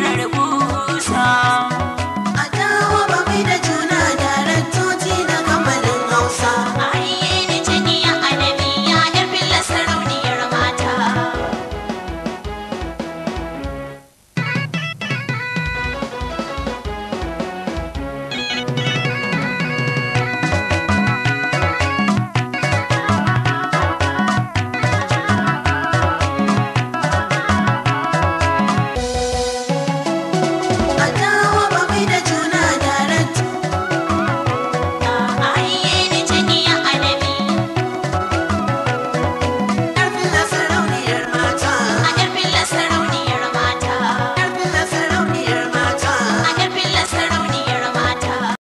Mira,